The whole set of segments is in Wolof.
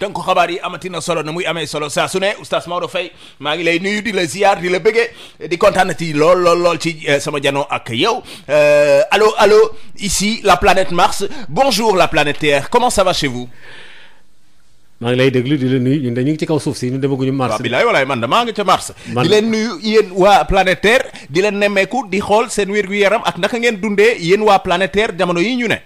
tënk xabaar yi amatina solo na muy amee solo saa su ne oustaz Maodo Faye maa ngi lay nuyu di la ziar di la bëggee di kontaanati lool lool lool ci euh, sama janoo ak yow euh, allo allo ici la planète Mars bonjour la planète Terre comment ça va chez vous. maa ngi lay déglu di la nuyu ñun de ñu ngi ci kaw suuf si ñun demaguñu Mars. waaw bilaay walaay man de maa ngi ca Mars. di leen nuyu yéen waa planète Terre di leen nemmeeku di xool seen wér gu yaram ak naka ngeen dundee yéen waa planète jamono yi ñu ne.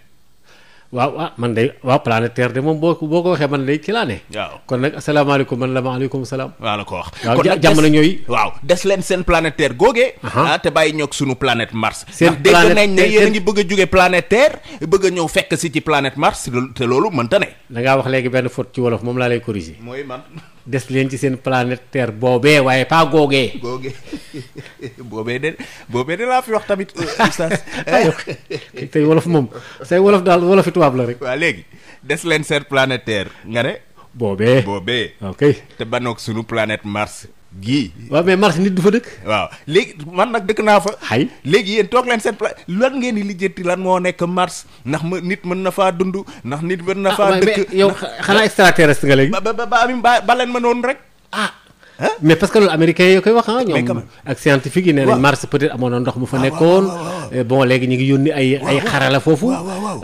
waaw ah man de waaw planète de moom boo boo ko waxee man day ci laa ne. waaw kon nag asalaamaaleykum man la maaleykum salaam. waaw la ko wax kon nag jàmm na ñooy. waaw des leen seen planète terre googee. Ah, te bàyyi ñoog sunu planète Mars. seen planète ndax dégg nañ a ngi bëgg a jóge planète terre bëgg a ñëw fekk si ci planète Mars te loolu mënta ne. da ngaa wax léegi benn faute ci wolof moom laa lay corriger. mooy man. des leen ci seen planète terre boobee waaye pas googee. googee boobee de boobee de laa fi wax tamit euh, oustaz. Ah, tey wolof moom say wolof daal wolofi tubaab rek. waa léegi des leen seen planète terre nga ne. boobee boobee. ok te banoog sunu planète Mars. gii. waaw mais marché nit du fa dëkk. waaw léegi man nag dëkk naa fa. ay léegi yéen toog leen seen place lan ngeen di lijjanti lan moo nekk marché ndax ma nit mën na faa dund ndax nit mën na ah, faa dëkk yow xanaa extraterrestre nga léegi. ba ba ba Amim ba ba leen ma noonu rek. ah. mais parce que loolu américain yi koy wax ah. ñoom ak scientifique yi nee nañ mars peut être amoon na ndox mu fa ah, nekkoon. bon léegi ñu ngi yónni ay ay xarala foofu.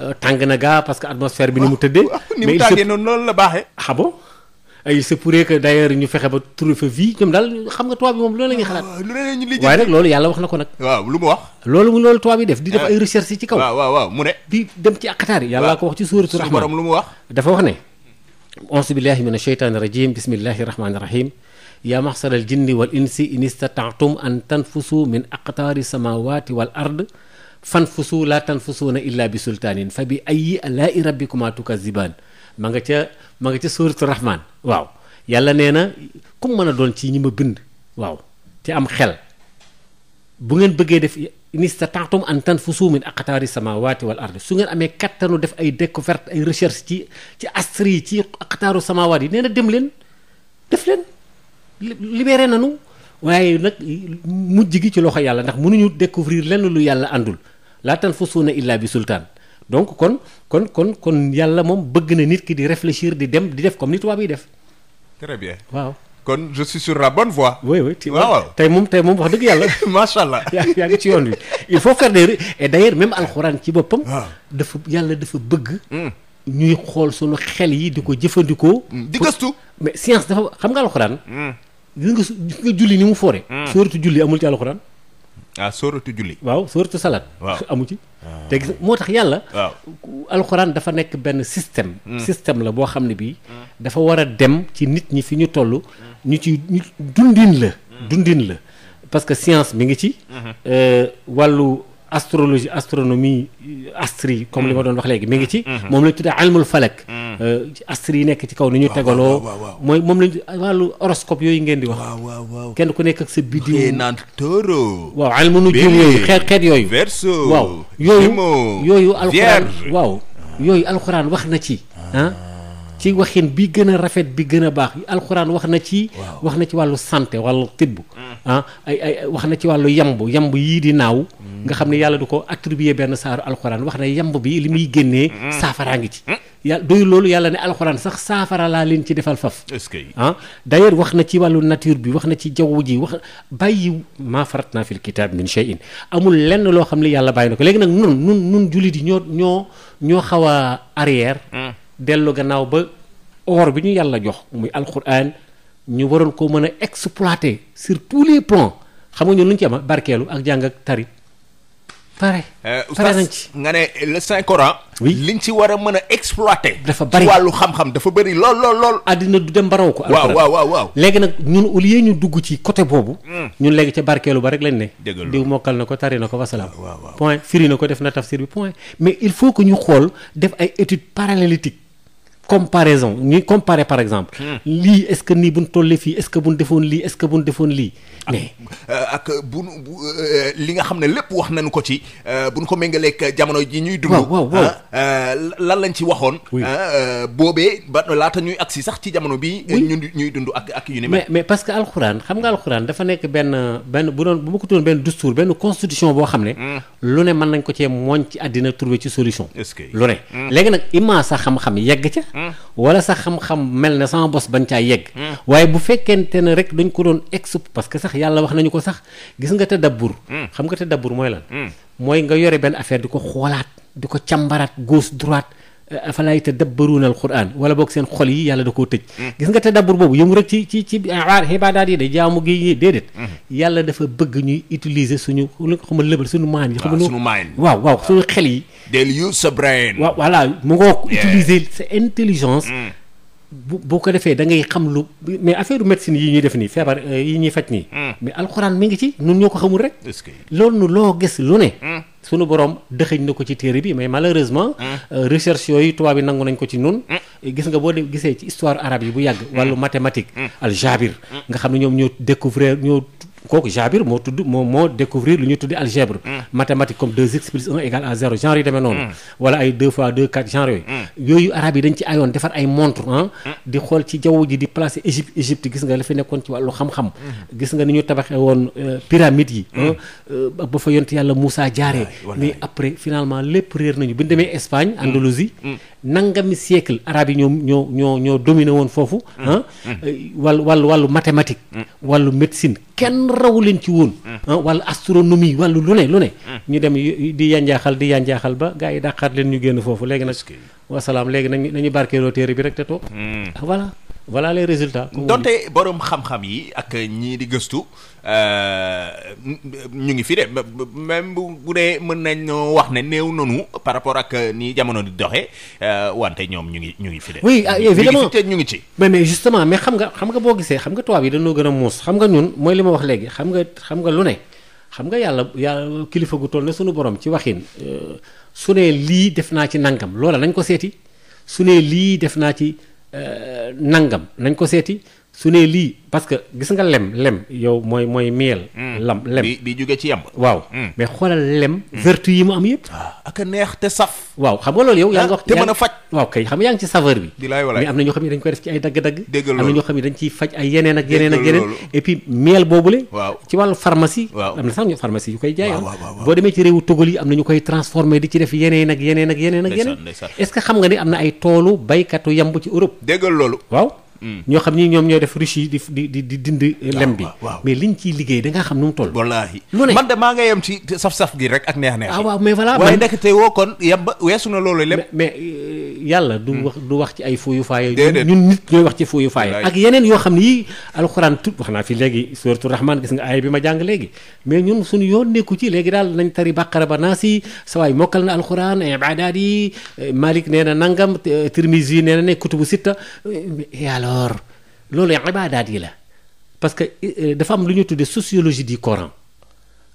Euh, tàng na gaa parce que atmosphère bi nu mu tëddee. mais il se noonu loolu la baaxee. ah ay c'est pour que d'ailleurs ñu fexe ba trouver fa vie ñoom daal xam nga tubaab bi moom loolu la ñuy xalaat ah, waaye nag loolu yàlla wax na ko nag waaw lu mu wax loolu mu loolu tubaab yi def di def ah. ay recherche yi ci kaw waaw waaw mu ne di dem ci akataar yi yàlla ko wax ci suuratu rahmaan borom lu mu wax dafa wax ne auzu billahi mina sheytaani rajim bismillahi rahmaani rahim yaa maxsara al jinni wal insi in istataatum an tanfusu min aqtaari samawati wal ard fanfusu la tanfusuuna illa bi sultaanin fa bi ayi alaa i rabbikuma ma nga ca ma nga ca suuratu rahman waaw yàlla nee na ku mën a doon ci ñi ma bind waaw te am xel bu ngeen bëggee def in istata'tum an tanfusu min aqtaari samawati wal ardi su ngeen amee kattanu def ay découverte ay recherche ci ci astre yi ci aqtaaru samawat yi nee na dem leen def leen libéré nanu waaye nag mujj gi ci loxo yàlla ndax mënuñu découvrir lenn lu yàlla àndul laa tanfusuuna illa bi sultaan donc kon kon kon kon yàlla moom bëgg na nit ki di réfléchir di dem di def comme ni tubaab yi def. waaw. kon je suis sur la bonne voie. oui waaw tey moom tey moom wax dëgg yàlla. macha allah yaa ngi ci yoon wi il faut faire des et d'ailleurs même alxuraan ci boppam. dafa yàlla dafa bëgg. Hmm. ñuy xool sunu xel yi di ko jëfandikoo. Hmm. di mais science dafa xam nga alxuraan. Hmm. gis nga su julli ni mu foore. sooratu julli amul ci alxuraan. ah sóoratu julli. waaw sóoratu salaat. waaw amu ci. Ah. te gis moo tax yàlla. alxuraan dafa nekk benn système. Hmm. système la boo xam ne bii. Hmm. dafa war a dem ci nit ñi fi ñu toll. ñu ci ñu dundin la. Hmm. dundin la parce que science mi ngi ci. Euh, wàllu astrologie astronomie euh, astri comme li ma doon wax léegi mi ngi ci. moom la ñu tuddee almul Hmm. Euh, astre yi nekk ci kaw ni ñu tegaloo mooy moom lañ wàllu horoscope yooyu ngeen di wax kenn ku nekk ak sa biddiw naan tóoro waaw almu yooyu xeet yooyu verseau waaw yooyu yooyu alxuraan yooyu alxuraan wax na ci ah. ah ci waxin bi gën a rafet bi gën a baax alxuraan wax na ci wax na ci wàllu santé wàllu tibb hmm. ah ay ay wax na ci wàllu yamb yamb yii di naaw nga hmm. xam ne yàlla du ko attribuer benn saaru alxuraan wax na yamb bi li muy génnee saafaraa ngi ci yàlla doyu loolu yàlla ne alxuraan sax saafara laa leen ci defal faf est-ce que ah d'ailleurs wax na ci wàllu nature bi wax na ci jaww ji wax bàyyi maa farat naa fil kitaab min shay'in amul lenn loo xam ne yàlla bàyyi na ko léegi nag nun nun nun jullit yi ñoo ñoo ñoo xaw a arrière hmm. dellu gannaaw ba or bi ñu yàlla jox muy alxuraan ñu waroon ko mën a exploiter sur tous les plans xam nga ñun lu ñu ci ama barkeelu ak jàng ak tari pare eh, pare nañ ci nga ne le saint coran. oui liñ ci war a mën a exploité. dafa bari ci wàllu xam-xam dafa bari lool lool lool. àddina du dem baraw ko. waaw waaw waaw léegi nag ñun au lieu ñu dugg ci côté boobu. Hmm. ñun léegi ca barkeelu ba rek lañ ne. diw mokkal na ko tari na ko wasalaam. point firi ko def na tafsir bi point mais il faut que ñu xool def ay études paralléliques. comparaison par exemple. Hmm. lii est-ce que nii bu ñu tollee fii est-ce que bu ñu defoon lii est-ce que bu ñu defoon lii. Ah, euh, ak bu euh, li nga xam ne lépp wax nañu ko ci euh, bu ñu ko méngaleeg jamono ji ñuy dund. waaw waaw ah, lan lañ ci waxoon. Ah, boobee ba laata ñuy agsi sax ci jamono bi ñun ñuy dund ak ak yu ni mais parce que alxuraan xam nga alxuraan dafa nekk benn benn bu doon bu ma ko tuddoon benn dustuur benn constitution boo xam ne. Hmm. lu ne mën nañ ko cee mooñ ci àddina trouver ci solution. lu ne hmm. léegi nag immense sax xam-xam yegg ca. wala sa xam-xam mel na sama bos bañ caa yegg hmm. waaye bu fekkente ne rek dañ ko doon exp parce que sax yàlla wax nañu ko sax gis nga te dabbur hmm. xam nga te dabbur mooy lan hmm. mooy nga yore benn affaire di ko xoolaat di ko càmbaraat gauche droite afalaa yatadabbaruuna alquran wala boog seen xol yi yàlla da koo tëj gis nga tadabbur boobu yëngu rek ci ci ci aar yi de jaamu gi déedéet mhm. yàlla dafa bëgg ñuy utiliser suñu lu xama lëbal suñu maan yi xam ah, suñu maan waaw waaw suñu ah. xel yi del use sa brain mm. ko defee da ngay xam lu mais affaire médecine yi ñuy def nii feebar eh, yi ñuy faj nii mm. mais alxuraan mi ngi ci nun ñoo ko xamul rek loolu loo gis lu ne mm. sunu borom dëxëñ na ko ci téere bi mais malheureusement. Mm. Euh, recherche yooyu tubaab yi nangu nañ ko ci nun mm. gis nga boo de gisee ci histoire arab yi bu yàgg. wàllu mm. mathématique. al jabir nga xam ne ñoom ñoo découvrir ñoo. kooku Jabir moo tudd moo moo découvrir lu ñuy tuddi algèbre mm. mathématique comme 2x plus 1 égale a 0 genre yi demee noonu mm. wala ay 2 fois 2 4 genre yooyu mm. yooyu arab yi dañ ci ayoon defar ay montre di xool ci jaww ji di placer Égypte Égypte gis nga la fi nekkoon ci wàllu xam-xam gis nga ni ñu tabaxee woon euh, pyramides yi euh, ba fa yont yàlla Moussa jaaree mais après finalement lépp réer nañu bi ñu demee Espagne Andalousie nangami siècle arab kenn rawu leen ci woon. Hmm. Ah, wala astronomie wala lu ne lu ne. Hmm. ñu dem di yanjaaxal di yanjaaxal ba gars yi dàqaat leen ñu génn foofu léegi nag. wasalaam léegi nañu nañu barkeeloo téere bi rek te toog. Hmm. Ah, voilà. voilà les résultat donte boroom xam-xam yi ak ñii di gëstu euh, ñu ngi fi de même bu dee mën nañoo wax ne néew nanu par rapport ak nii jamono di doxee euh, wante ñoom ñu ngi ñu ngi fi de. oui ah évidemment ñu ngi ci mais mais justement mais xam nga xam nga boo gisee xam nga tubaab yi dañoo gën a muus xam nga ñun mooy li ma wax léegi xam nga xam nga lu ne xam nga yàlla yàlla kilifa gu toll ne suñu borom ci waxin euh, su ne lii def naa ci nangam loola nañ ko seeti su ne lii def naa ci. nangam nañ ko seeti su nee lii parce que gis nga lem lem yow mooy mooy miel. Hmm. lam lem bi bi ci yamb. waaw hmm. mais xoolal lem. Hmm. vertu yi mu am yëpp. Ah, ak neex te saf. waaw xam nga loolu yow. yaa ah, ngi wax te mën a faj. waaw kay xam nga yaa ngi ci saveur bi. bilaay walaay mais am na dañ koy def ci ay dagg-dagg. dégg am na ñoo xam ne dañ ciy faj ay yeneen waaw ci wàllu pharmacie. waaw am na sax yu koy jaay. Ah. boo demee ci réewu Togal yi am na koy transformé di ci def yeneen ak yeneen ak yeneen ak yeneen. est-ce que xam nga ne ay toolu baykatu yamb ci Europe. déggal loolu waaw ñoo xam ni ñoom ñoo def riche yi di di di dindi lem bi mais liñ ciy liggéey da nga xam nu mu toll wallaahi a ne man de maa nga yem ci saf-saf gi rek ak neex neex ah waaw mais voilà waaye nekk tey woo euh, du hmm. wax du wax ci ay fooyu faaye ñun nit ñooy wax ci fooyu faaye ak yeneen yoo xam ne yi alxuraan tut wax naa fi léegi suratu rahman gis nga aaya bi ma jàng léegi mais ñun suñu yoon nekku ci léegi daal nañ tari bàqara ba naasi sawaay mokkal na alxuraan ibaadaat malik nee na nangam tirmisi koor loolu ibaadaat yi la parce que euh, dafa am lu ñuy tudde sociologie du Coran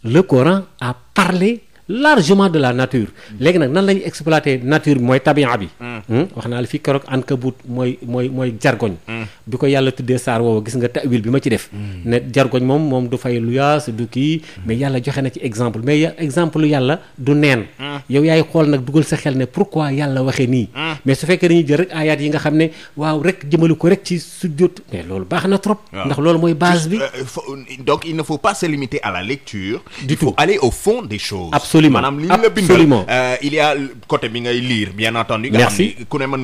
le Coran a parlé largement de la nature léegi nag nan la ñuy exploiter nature mooy tabia bi hmm. Hmm? wax naa la fii keroog ankabut mooy mooy mooy jargoñ hmm. bi ko yàlla tuddee saar woowa gis nga tawil bi ma ci def ne jargoñ moom moom du fay luyaas du kii mais yàlla joxe na ci exemple mais exemple yàlla du neen yow yaay xool nag dugal sa xel ne pourquoi yàlla waxee nii mais su fekkee dañuy jël rek ayaat yi nga xam ne waaw rek jëmale ko rek ci sujjóot mais loolu baax na trop ndax loolu mooy base bi euh, donc il ne faut pas se la lecture du tout il faut absolument maanaam li la bindal euh, il y a côté bi ngay lire bien entendu nga xam ni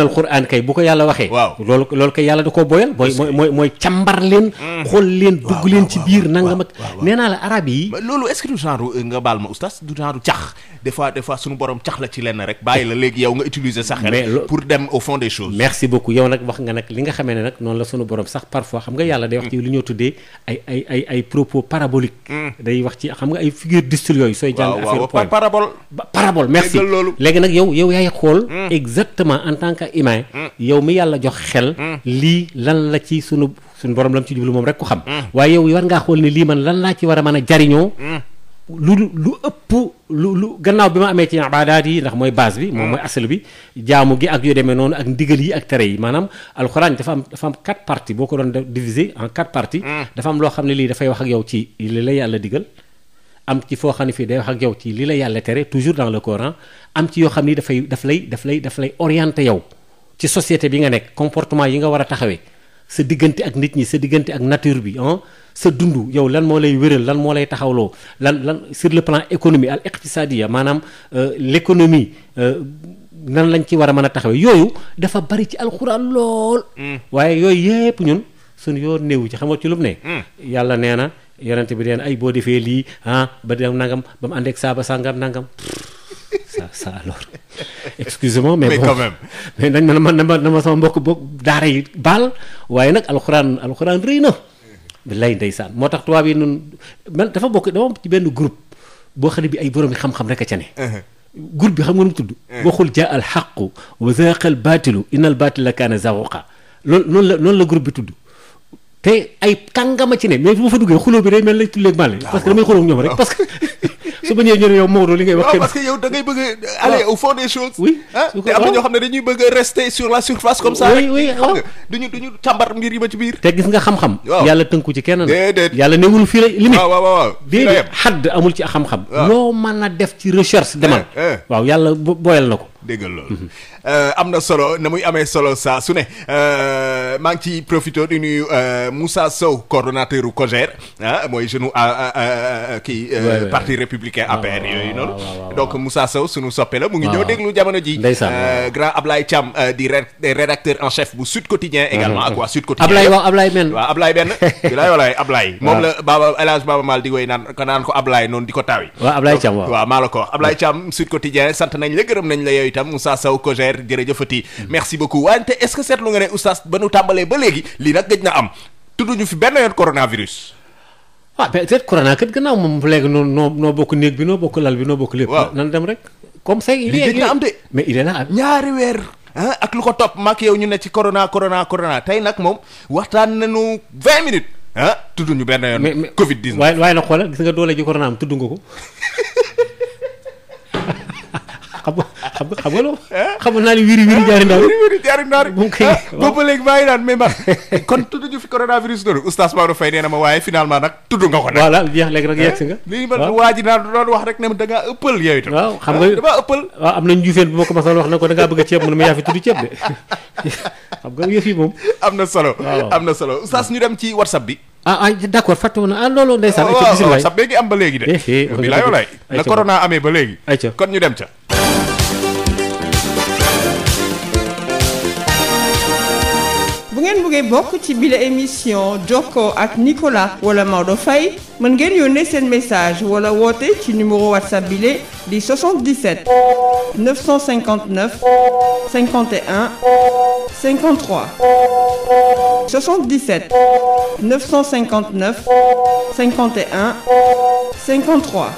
a a kay bu ko yàlla waxee loolu loolu yàlla da koo boyal mooy mooy mooy leen hmm. xool leen dugg leen ci biir nanga mag nee la arab yi loolu est euh, nga baal ma oustaz du genre cax des fois des fois cax la ci lenn rek bàyyi la léegi yow nga utiliser sa xel pour dem au fond des choses merci beaucoup nag wax nga nag li nga xamee ne nag noonu la sunu borom sax parfois xam nga yàlla day wax ci li ñoo tuddee ay ay ay ay propos parabolique mm. day wax ci xam nga ay figure de style sooy jàng affaire point parabole parabole merci léegi nag yow yow yaay xool mm. exactement en tant que humain mm. yow mi yàlla jox xel lii lan la ci sunu suñu borom lam ci jublu moom rek ko xam waaye yow war ngaa xool ne lii man lan laa ci war a mën a jariñoo lu lu ëpp lu lu gannaaw bi ma amee ci ibaadaat yi ndax mooy base bi moom mooy mm. asal bi jaamu gi ak yu demee noonu ak ndigal yi ak tere yi maanaam alxuraan dafa am dafa am quatre boo ko doon diviser en quatre parties mm. dafa am loo xam ne lii dafay wax ak yow ci li la yàlla digal am ci foo xam ne fii day wax ak yow ci li la yàlla tere toujours dans le Coran am ci yoo xam ni dafay daf lay daf lay daf lay orienté yow ci société bi nga nekk comportement yi nga war a taxawee sa diggante ak nit ñi sa diggante ak nature bi ah sa dund yow lan moo lay wéral lan moo lay taxawloo lan lan sur le plan économie al iqtisadiya maanaam euh, l'économie euh, nan lañ ci war a mën a taxawee yooyu dafa bari ci alxuraan lool. Hmm. waaye yooyu yépp ñun suñu yoon néewu ci xamoo ci lu mu ne. Hmm. yàlla nee na yonent bi deen ay boo defee lii ah ba dem nangam ba mu ànd ak saaba sangam nangam. ça alors excusez-moi mais bon, quand même mais nañ ma man na ma na ma sama mbokk bokk daara yi baal waaye nag alxuraan alxuraan rëy na billaay ndeysaan moo tax tubaab yi nun man dafa bokk dama ci benn group boo xam bi ay boroomi xam-xam rekk a ca ne uh-huh. groupe bi xam nga nu mu tudd waxul uh-huh. jaa al xaqu wa zaqa al baatilu inna al baatila kaana zahuqa loolu noonu la noonu la groupe bi tudd te ay kàngama ci ne mais bu ma fa duggee xuloo bi day mel lay tulleeg màlle parce damay xuloo ñoom rek su ma ñëwee ñu ne yow Maodo li ngay wax. parce que yow da bëgg a aller ah. au fond des choses. oui ah, te am na ñoo xam ne dañuy bëgg a rester sur la surface comme ça. oui oui xam ah. nga duñu duñu càmbar mbir yi ba ci biir. te gis nga xam-xam. yàlla tënku ci kenn na. déedéet yàlla newul fii la limite. waaw waaw waaw déedéet xadd amul ci xam-xam. loo mën a def ci recherche demal. Eh, eh. waaw yàlla bo booyal na ko déggal loolu. Euh, am na solo na muy amee solo saa su ne euh, maa ngi ciy profité di nuyu euh, Moussa Sow coordonnateur u COJER ah mooy jeune kii. parti républicain APR yooyu noonu. donc Moussa Sow sunu soppe la mu ngi ah, ñëw déglu jamono ji grand Ablaye Thiam di rédacteur en chef bu Sud Quotidien également ak waa Sud Quotidien. Ablaye waaw Ablaye benn waaw Ablaye benn. bilaay walaay moom la Baba El Hadj Maal di koy naan ko naan noonu di ko taawi. waaw Ablaye Thiam waaw waaw maa ko wax Ablaye itam oustaz Sow Kogère jërëjëfati merci beaucoup wante est-ce que seetlu nga ne oustaz ba nu tàmbalee ba léegi lii nag gëj na am tudduñu fi benn yoon coronavirus. ah mais seet corona kat gannaaw moom léegi noo noo bokk néeg bi noo bokk bokk lépp. waaw nan dem rek. comme ça il est na ak lu ko topp maak ñu ne ci corona corona corona tey nag moom waxtaan nañu vingt minutes. ah tudd ñu benn yoon. mais mais Covid 19 waaye waaye nag xoolal gis nga doole ji corona am tudd nga ko. xam nga xam nga loolu. xam naa ne wiri wiri jaari ndaw wiri wiri jaari ndaw rek. boobu ba léegi maa ngi naan mais man kon tudd ñu fi coronavirus doon oustaz Maodo Faye nee na ma waaye finalement nag tudd nga ko nag. voilà jeex léegi rek yegg si nga. lii man waa ji naan doon wax rek ne da ngaa ëppal yooyu itam. waaw xam nga damaa ëppal. waaw am na njuufeen bu ma ko masoon wax na ko da ngaa bëgg a ceeb mu ne ma yaa fi tudd ceeb de xam nga yëf yi moom. am na solo am na solo oustaz ñu dem ci whatsapp bi ah ah d' accord fàtte woon na ah looloo ndeysaan. Ah, waaw waaw sax léegi am ba léegi de. Eh, eh, bilaay walaay na corona amee ba léegi. kon ñu dem ca. ngeen bëggee bokk ci bile émission jokkoo ak Nicolas wala Maodo fay mën ngeen yónnee seen message wala woote ci numéro whatsapp bile di 77 959 51 53 77 959 51 53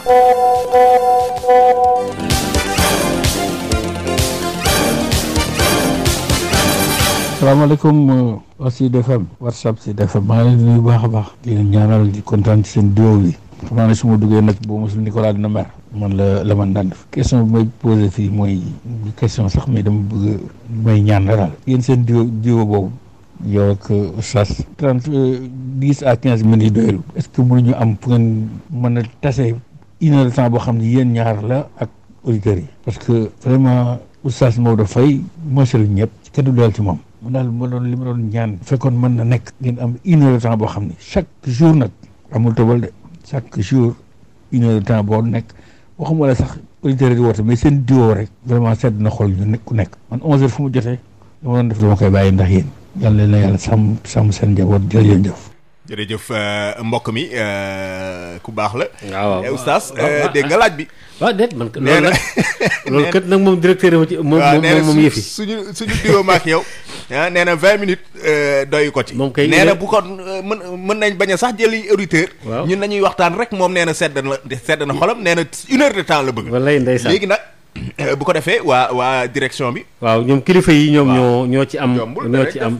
asalaamaaleykum euh, aussi DFM WhatsApp si DFM maa ngi baax a baax di leen ñaanal di kontaan ci seen duo bi xam naa ne su ma duggee nag boo mosul Nicolas na mer man la la man daan def question bi may posé fii mooy question sax mais dama bëgg may ñaan la daal yéen seen duo duo boobu yow ak euh, Oustaz trente euh, dix à quinze minutes doylu est-ce que ñu am fu ngeen mën a tase une heure de boo xam ne yéen ñaar la ak auditeurs yi parce que vraiment Oustaz moo Faye moo sëriñ ñëpp kenn du daal ci moom mu daal ma doon li ma doon ñaan fekkoon mën na nekk ngeen am une heure de temps boo xam ni chaque jour nag amul tobal de chaque jour une heure de temps boo nekk waxuma la sax auditeurs di woote mais seen diwoo rek vraiment sedd na xol ñu nekk ku nekk man onze fu mu jotee dama doon def dama koy bàyyi ndax yéen yàlla na yàlla sàmm sàmm seen njaboot jërëjëf jërëjëf euh, mbokk mi euh, ku baax la. waaw eh, oustaz euh, dégg nga ah, laaj bi. Ah. waaw déet man loolu nag loolu kat nag moom directeur ma ci moom moom moom yëfi suñu suñu diwo yow. ah nee na vingt minutes doy ko ci. moom nee na bu ko mën mën nañ bañ a sax jëli auditeur. ñun nañuy waxtaan rek moom nee na sedd na sedd na xolam nee na une heure de temps la bëgg. wallaay ndeysaan léegi nag. Euh, bu ko defee waa waa direction bi. waaw ñoom kilifa yi ñoom ñoo ñoo ci am. ñoo ci am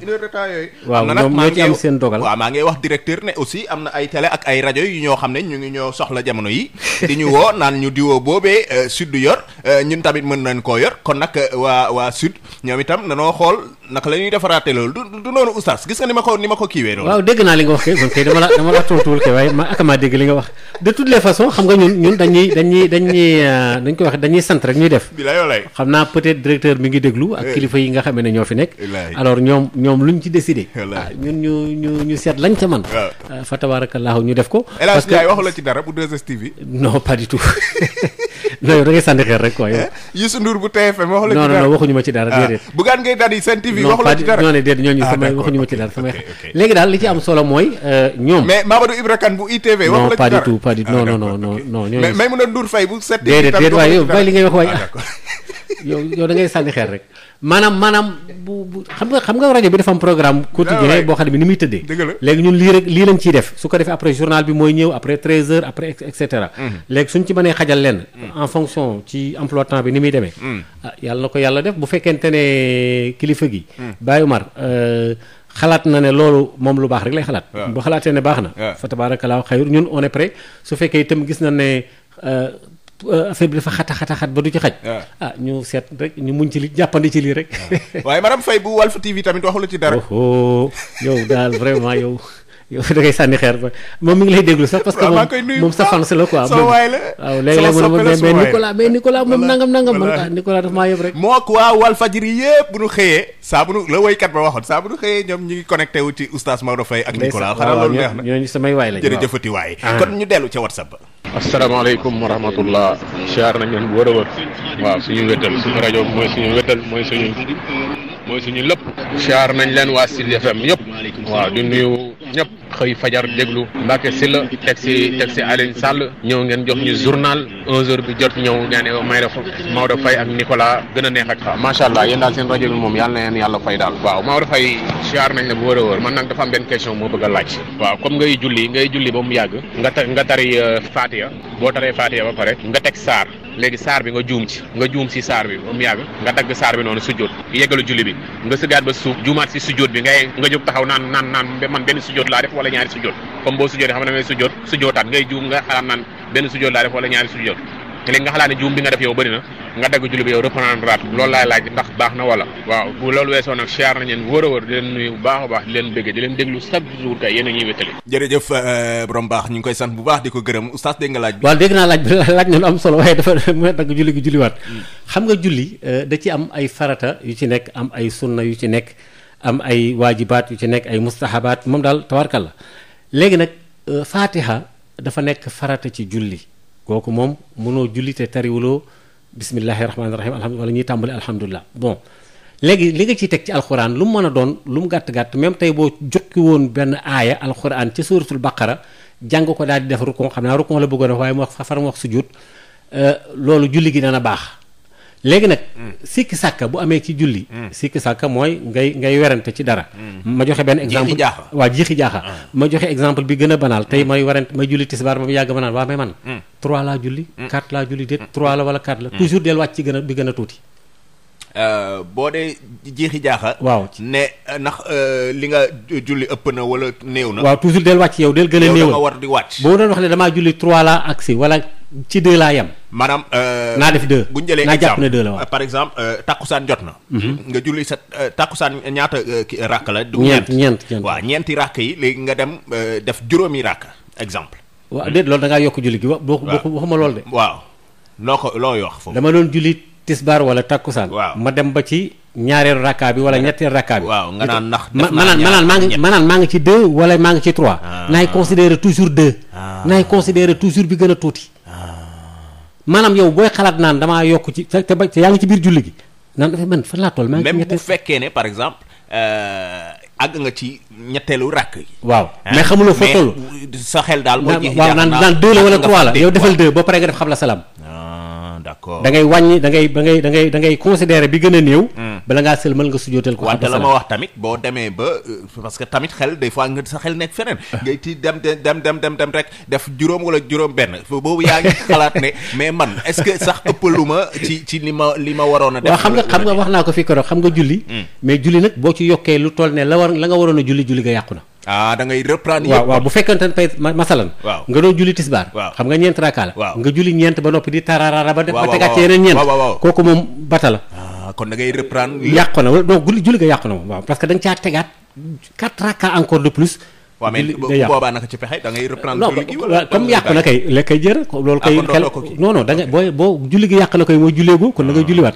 waaw ñoom ñoo ci am seen dogal. waaw maa ngi wax directeur ne aussi am na ay télé ak ay rajo yu ñoo xam ne ñu ngi ñoo soxla jamono yi di ñu woo naan ñu diwoo boobee euh, sud yor euh, ñun tamit mën nañ koo yor kon nag waa waa sud ñoom itam danoo xool. naka lañuy defaraate loolu du du noonu oustaz gis nga ni ma ko ni ma ko kiiwee noonu. waaw dégg naa li nga wax kay dama la tontuwul kay waaye ma akamaa dégg li nga wax de toutes les façons xam nga ñun ñun dañuy dañuy dañuy euh, dañ koy wax dañuy sant rek ñuy def. xam naa peut-être directeur mi ngi déglu ak eh. kilifa yi nga xam ne ñoo fi nekk. alors ñoom ñoom ñu ci décidé. Ah, ñun ñu ñu ñu seet lañ ca man euh, fa tabaarakallaahu ñu def ko. parce que El Hadj Ndiaye waxu la ci dara bu 2STV. non yow da ngay sànni xeer rek quoi eh, bu TFM waxu la waxuñu ma ci dara ah, déedéet. Bougane Gueye Dany Sen TV waxu la ci dara non déedéet ñooñu ah, sama waxuñu ma ci dara sama léegi daal li ci am solo mooy euh, ñoom. mais Mamadou Ibra Kane bu ITV. waxu la ci dara non pas du tout pas ah, bu set. déedéet déedéet waaye yow bàyyi li ngay wax waaye. yow yow da ngay sànni xeer rek maanaam maanaam bu bu xam nga xam nga rajo bi dafa am programme quotidien ah, bi ni muy tëddee léegi ñun lii rek lii lañ ciy def su ko defee après journal bi mooy ñëw après 13 heures après et cetera mm-hmm. léegi suñ ci mënee xajal lenn mm. en fonction ci emploi temps bi ni muy demee mm. ah yàlla na ko yàlla def bu fekkente ne kilifa gi mm. Baye Omar euh, xalaat na ne loolu moom lu baax rek lay xalaat ah. bu xalaatee ne baax na ah. fa tabaarakallaahu xayr ñun on est Euh, affaire bi dafa xata xata xat ba du ci xaj. ah ñu seet rek ñu muñ ci li jàppandi ci lii rek. waaye madame Faye bu Walf TV tamit waxu la ci dara. oh yow daal vraiment yow. yow da ngay sànni xeer ba moom mi ngi lay déglu sax parce que moom sa fans la quoi. soo waay la waaw léeg-léeg mu ne mais moom nangam nangam. man ah Nicolas maa yëpp rek. moo ko waa Walfadjri yëpp bu nu xëyee. saa bu nu la woykat ba waxoon saa bu nu xëyee ñoom ñu ngi connecté wu ci oustaz Maodo Faye ak asalaamaaleykum wa rahmatullah siyaar nañ leen bu wër a wër waaw suñu wétal suñu rajo mooy suñu wétal mooy suñu mooy suñu lépp siyaar nañ leen waa Sud FM yëpp waaw di nuyu ñëpp xëy fajar déglu Mbacke Sylla teg si teg si Alioune Sall ñëw ngeen jox ñu journal 11 bi jot ñëw ngeen ne Mayda Maodo Faye ak Nicolas gën a neex ak xam macha allah yéen daal seen rajo moom yàlla na leen yàlla fay daal waaw Maodo Faye siyaar nañ la bu wër a wër man nag dafa am benn question moo bëgg a laaj waaw comme ngay julli ngay julli ba mu yàgg nga nga tari euh, Fatiha boo taree Fatiha ba pare nga teg saar léegi saar bi nga juum ci nga juum si saar bi miyaa um bi nga dagg saar bi noonu sujjóot yeggalu julli bi nga sëggaat ba suuf juumaat si sujjóot bi nga jóg taxaw naan naan naan man benn sujjóot laa def wala ñaari sujjóot comme boo sujjóotee xam ne ngay sujjóot sujjóotaat ngay juum nga xalaat naan benn sujjóot laa def wala ñaari sujjóot léegi nga xalaat ne juum bi nga def yow bëri na nga dagg julli bi yow reprendre raat loolu laay laaj ndax baax na wala waaw bu loolu weesoo nag siyaar nañ leen wër a wër di leen nuyu bu baax a baax di leen bëgg di leen déglu chaque jour kay yéen a ñuy wéttali jërëjëf euh, borom baax ñu ngi koy sant bu baax di ko gërëm oustaz dégg nga laaj bi waaw dégg laaj bi laaj na lu am solo waaye dafa mu hmm. xam nga julli euh, da ci am ay farata yu ci nekk am ay sunna yu ci nekk am ay waajibaat yu ci nekk ay mustahabaat moom daal tawarkal la léegi nag euh, fatiha dafa nekk farata ci julli kooku moom mënoo julli te tariwuloo bismillahi rahmaani rahim alhamdulilah wala ñuy tàmbali alhamdulilah bon léegi li nga ciy teg ci alxuraan lu mu mën a doon lu mu gàtt gàtt même tey boo jukki woon benn aaya alxuraan ci suuratul baqara jàng ko daal di def rukon xam naa rukon la bëggoon a waaye mu wax far mu wax sujud euh, loolu julli gi dana baax. léegi nag mm. sikki sàkka bu amee ci julli mm. sikki sàkka mooy ngay ngay werante ci dara mm. ma joxe benn exemple waa jiixi jaaxa ah. ma joxe exemple bi gën a banaal tey may werante may julli tisbaar ba mu yàgg ma naan waa mais man trois laa julli quatre laa julli déet trois la wala quatre la toujours del wàcc ci gën a bi gën a tuuti euh, boo dee jiixi jaaxa waaw ne ndax euh, li nga julli ëpp na wala néew na waaw toujours del wàcc yow del gën a néew war di wàcc boo doon wax ne damaa wala ci deux laa yem. maanaam. Euh, naa def deux bu ñu jëlee naa jàpp ne deux la waaw par exemple euh, takkusaan jot na. Mhm. nga julli sa euh, takkusaan ñaata ràkk la. du ñeent ñeent ñeent waa ñeenti ràkk yi léegi nga dem def juróomi ràkk exemple. waaw déet loolu da ngaa yokk julli gi wax boo waxuma lool de. waaw loo ko loo wax foofu. dama doon julli tisbaar wala takkusaan. waaw ma dem ba ci. ñaareelu rakka bi wala ñetteelu rakka bi. waaw nga naan ndax ma naa ñaar maa ngi maanaam maa ngi ci deux wala maa ngi ci trois. Ah. naay considérer toujours deux. Ah. naay considérer toujours bi gën a tuuti. Ah. maanaam yow booy xalaat naan damaa yokk ci te ba yaa ngi ci biir julli gi naan dafa man fan laa toll. maa ngi ci ñetteel même bu fekkee ne par exemple. Euh, àgg nga ci ñetteelu rakk waaw mais xamuloo foo toll. sa xel daal mooy. waaw naan naan deux la wala trois la yow defal deux boo paree nga def xam la salaam. d'accord da ngay wàññi da ngay da ngay da ngay da ngay considérer bi gën a néew. Hmm. bala ngaa sëlmal nga sujootal ko. wante la ma wax tamit boo demee ba euh, parce tamit xel des fois nga sa xel nekk feneen. Ah. ngay ci dem dem dem dem dem rek def juróom wala juróom-benn boobu yaa ngi xalaat ne mais man est-ce que sax ëppalu ma ci ci li ma li ma waroon a. def xam nga xam nga wax naa ko fi keroog xam nga julli. Hmm. mais julli nag boo ci yokkee lu toll ne la war la nga waroon a julli julli nga yàqu na ah da ngay reprendre yëpp waaw bu fekkente ne tey masalan waaw nga doon julli tisbaar waaw xam nga ñeent rakaa la waaw nga julli ñeent ba noppi di tararara ba def ba tegaat ci yeneen ñeent kooku moom bata ah, kon da ngay yàqu na donc parce que da caa tegaat quatre rakaa encore de plus waaw mais boobaa naka ci pexe da ngay reprendre julli gi wala comme yàqu na kay la koy jër loolu ah, koy xel non non booy boo julli gi yàq na koy mooy julleegu kon da ah. julliwaat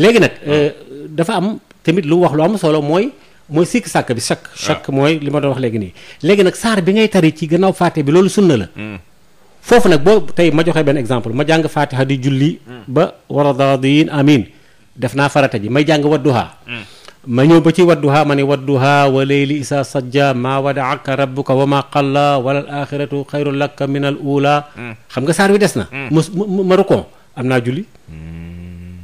léegi nag euh, dafa am tamit lu wax lu am solo mooy mooy sikk sàkk bi chaque ah. chaque mooy li ma doon wax léegi nii léegi nag saar bi ngay tari ci gannaaw faate bi loolu sunna la hmm. foofu nag boo tey ma joxee benn exemple ma jàng faatiha di julli hmm. ba wara daadiin amin def naa farata ji may jàng wadduha hmm. ma ñëw ba ci wadduha ma ne wadduha wa leyli isa sajja maa wadaaka rabbuka wa ma qalla wala al axiratu xayrun laka min al ula xam nga saar wi des na ma ma rukon am naa julli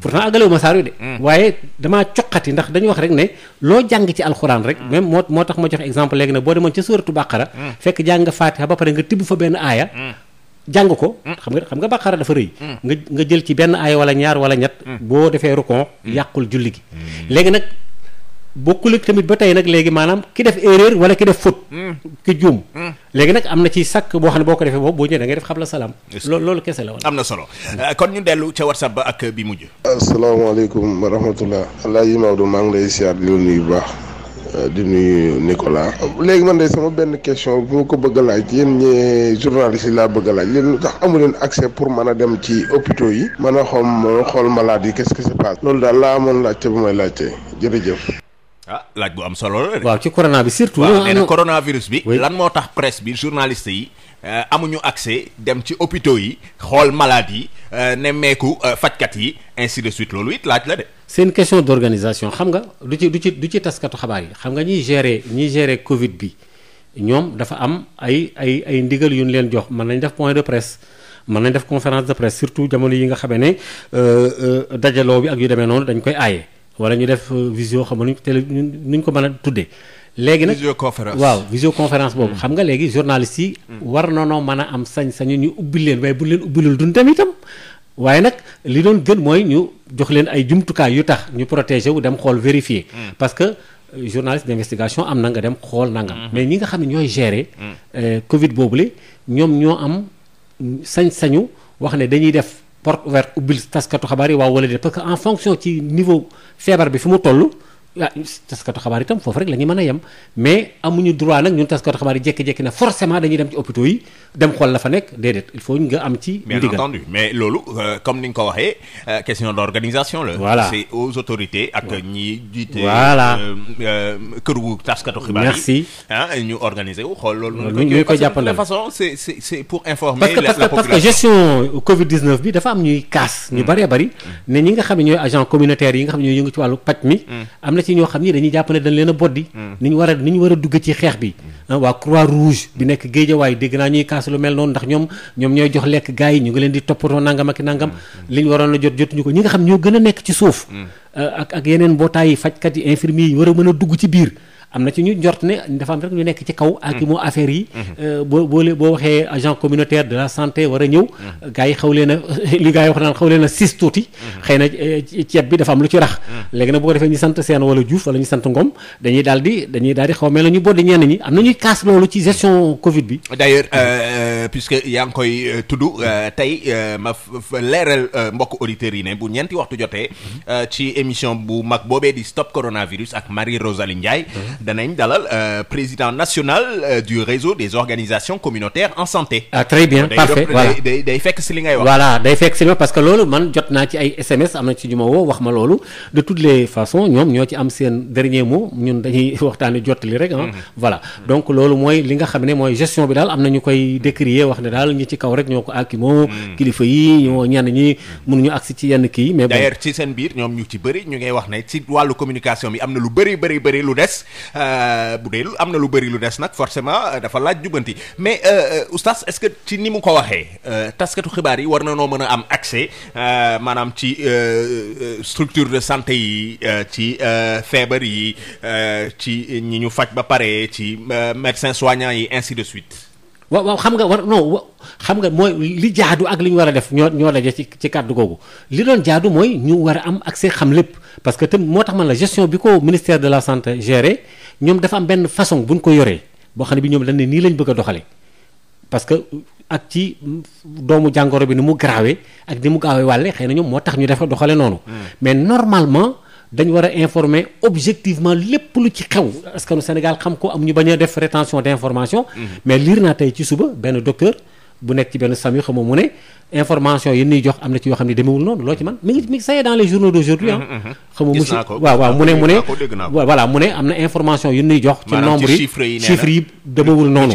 pourtant àggalewu ma saar wi de hmm. waaye damaa coqati ndax dañu wax rek ne loo jàng ci alxuraan rek hmm. même moo moo tax ma jox exemple léegi ne boo demoon ca suuratu bàqara hmm. fekk jàng nga faatiha ba pare nga tibb fa benn aaya jàng ko xam nga xam nga bàqara dafa rëy nga nga jël ci benn aaya wala ñaar wala ñett boo defee rukon yàqul julli gi léegi nag bokkul ak tamit ba tey nag léegi maanaam ki def erreur wala ki def faute. Hmm. ki juum. Hmm. léegi nag am na ci sakk boo xam ne boo ko defee boobu boo ñëwee da ngay def xabla salaam. loolu loolu kese la woon. am na solo euh, kon ñu dellu ca whatsapp ba ak bi mujj. asalaamaaleykum wa rahmatulah. Alaaji Maodo maa ngi lay siyaar di la bu baax. Euh, di nuyu Nicolas. léegi man de sama benn question bu ko bëgg a laaj yéen ñee journaliste yi laa bëgg a laaj yéen ndax amu leen accès pour mën a dem ci hôpitaux yi. mën a xool xool malade yi qu'est-ce loolu daal laa amoon laajte bu may laajte jërëjëf. ah laaj bu am solo la waaw ci corona bi surtout. waaw nee na coronavirus bi. lan moo tax presse bi journaliste yi euh, amuñu accès dem ci hôpitaux yi xool malade yi euh, nemmeeku euh, fajkat yi ainsi de suite loolu it laaj la de. c'est une question d'organisation xam nga du ci du ci du ci taskatu xabaar yi xam nga ñiy gérer ñiy gérer Covid bi ñoom dafa am ay ay ay ndigal yu ñu leen jox mën nañ def point de presse. mën nañ def conférence de presse surtout jamono yi nga xamee ne dajaloo bi ak yu demee noonu dañ koy aaye wala ñu def visio xam nga ñu nuñ ko mën a tuddee. léegi nag visioconférence waaw visioconférence boobu. Mm. xam nga léegi journaliste yi. Mm. war na noo mën a am sañ-sañu ñu ubbil leen waaye bu leen ubbilul duñ dem itam. waaye nag li doon gën mooy ñu jox leen ay jumtukaay yu tax ñu protéger wu dem xool vérifier. Mm. parce que euh, journaliste d'investigation am na nga dem xool nangam. Mm-hmm. mais ñi nga xam ne ñooy gérer. Euh, Covid boobule ñoom ñoo am sañ-sañu wax ne dañuy def. porte ouverte ubbil taskatu xabaar yi waaw wala déet parce que en fonction ci niveau feebar bi fi mu toll ah taskatu xabaar itam foofu rek la mën a yem mais amuñu droit nag ñun taskatu xabaar yi jékki-jékki na forcément dañuy dem ci hôpitaux yi dem xool la fa nekk déedéet il faut euh, comme ni nga ko waxee euh, question d'organisation la. voilà c'est aux autorités ak ñi jiite. voilà euh, kër gu taskatu xibaar yi. merci ah ñu organiser wu xool loolu. ñu ngi koy jàppandal de parce que gestion Covid 19 bi dafa am ñuy kaas. ñu mm. bëree bëri mm. ne ñi nga xam ne ñooy agents communautaires yi nga xam ne ñooy yëngu ci wàllu paj mi. Mm. na ci ñoo xam ni dañuy jàpp ne dañ leen a boddi hmm. ni ñu war a ni ñu war a dugg ci xeex bi hmm. ah, waa croix rouge bi nekk géejawaay dégg naa ñuy kaas noonu ndax ñoom ñooy jox lekk gars yi ñu ngi leen di toppatoo nangam ak nangam hmm, li ñu waroon a jot jotuñu ko ñi nga xam ñoo gën a nekk ci suuf ah, ak ak yeneen mbootaay fajkat yi infirmiers yi war a mën a dugg ci biir am na ci ñu njort ne dafa am rek ñu nekk ci kaw ak moo affaire yi euh, boo boo boo waxee agent communautaire de la santé war a ñëw gars yi xaw leen a li gars yi wax naan xaw leen a sis tuuti xëy na euh, ceeb bi dafa am lu ci rax léegi nag boo ko defee ñu sant seen wala Diouf wala ñu sant Ngom dañuy daal di dañuy daal di xaw mel na ñu boddi ñenn ñi am na ñuy kaas loolu ci gestion Covid bi d'ailleurs euh, Euh, puisque yaa ngi koy euh, tudd euh, tey ma leeral mbokk auditeurs yi ne bu ñeenti waxtu jotee mhm. ci émission bu mag boobee di stop coronavirus ak Marie Rosalie Ndiaye mhm. danañ dalal président national du réseau des organisations communautaires en santé. ah très bien parfait voilà day fekk si li ngay wax. voilà day fekk si li parce que loolu man jot naa ci ay SMS am na ci ñu ma woo wax ma loolu de toutes les façons ñoom ñoo ci am seen dernier mot ñun dañuy waxtaanee jottali rek mhm. voilà donc loolu mooy li nga xam ne mooy gestion bi daal décrier wax ne daal ñi ci kaw rek ñoo ko àkki moom hmm. kilifa yi ñoo ñenn ñi hmm. mënuñu agsi ci yenn kii mais d'ailleurs ci seen biir ñoom ñu ci bëri ñu ngay wax ne ci wàllu communication bi am na lu bëri bëri bëri lu des euh, bu dee am na lu bëri lu des nag forcément euh, dafa laaj jubanti mais euh, oustaz est-ce que ci ni mu ko waxee taskatu xibaar yi war na noo mën a am accès maanaam ci structure de santé yi ci feebar yi ci ñi ñu faj ba pare ci médecins soignants yi ainsi de suite waaw waaw xam nga war non xam nga mooy li jaadu ak li ñu war a def ñoo ñoo daje ci ci kàddu googu li mooy ñu war a am accès xam lépp parce que tam moo tax man la gestion bi ko ministère de la santé géré ñoom dafa am benn façon bu ñu ko yoree boo xam ne bi ñoom lañ ne nii lañ bëgg a doxalee parce que ak ci doomu jàngoro bi ni mu garaawee ak ni mu gaawee wàlle xëy na ñoom moo tax ñu def doxale noonu hmm. mais normalement dañ war a informer objectivement lépp lu ci xew askanu Sénégal xam ko am ñu bañ a def rétention d'information mm-hmm. mais liir naa tey ci suba benn docteur bu nekk ci benn sami xam mu ne information yi ñuy jox am na ci yoo xam ne demewul noonu loo ci man mi ngi mi ngi saye dans les journaux d'aujourd'hui ah xam nga mu ne mu ne voilà mu ne am na information yu ñuy jox ci nombre yi chiffres demewul noonu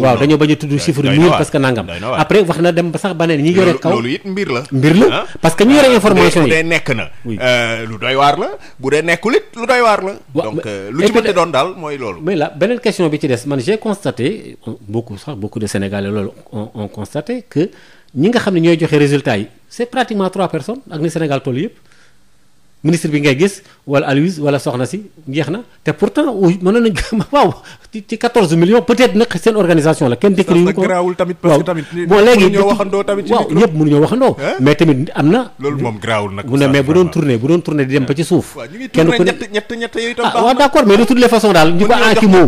waaw dañoo bañ a tudd chiffre mille parce que nangam après wax na dem ba sax ba ñi yore kaw mbir la mbir la ah. parce que ñu yore ah, information yi euh, lu doy waar la bu dee nekkul it lu doy waar la euh, daal mooy loolu beneen question bi ci des man j'ai constaté beaucoup sax beaucoup avons constaté que ñi nga xam ne ñooy joxe résultats yi c'est pratiquement trois personnes ak ni Sénégal toll yëpp ministre bi ngay gis wala Aloyse wala soxna si njeex na te pourtant mënoon nañ waaw ci ci quatorze millions peut-être nag seen organisation la kenn décrire ko garaawul tamit parce tamit bon léegi ñoo waxandoo waxandoo mais tamit am na mais bu doon tourner bu doon tourner di dem ba ci suuf waaw ah, d'accord mais de toutes les daal ñi ko aakimoo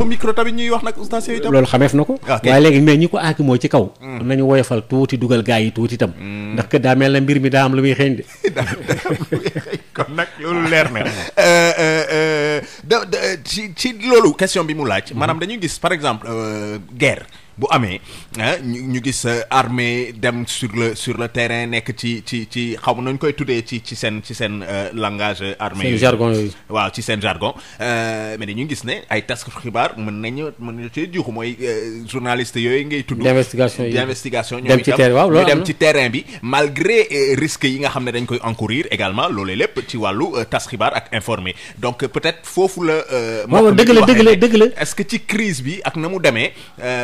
loolu xameef na ko ah, waaye léegi mais ñi ko aakimoo ci kaw hmm. nañu woyofal tuuti dugal gaa yi tuuti tam hmm. ndax que daa mel na mbir mi daa am lu muy xeeñ de ci loolu question bi mu laaj maanaam gis par exemple euh, guerre bu amee ah, ñu gis euh, armée dem sur le sur le terrain nekk ci ci ci xaw nañ koy tuddee ci ci seen ci seen euh, langage armee seen jargon yooyu waaw ci seen jargon euh, mais ñu gis ne ay tas xibaar mën nañu mën nañu cee juuxu mooy journaliste yooyu ngay tudd d'investigation yi d'investigation ñoom itam ñu dem ci terrain bi malgré risques yi nga xam ne dañ koy encourir également loolu lépp ci wàllu tas xibaar ak informé donc peut-être foofu la dëgg la dëgg la dëgg la est-ce que ci crise bi ak na mu demee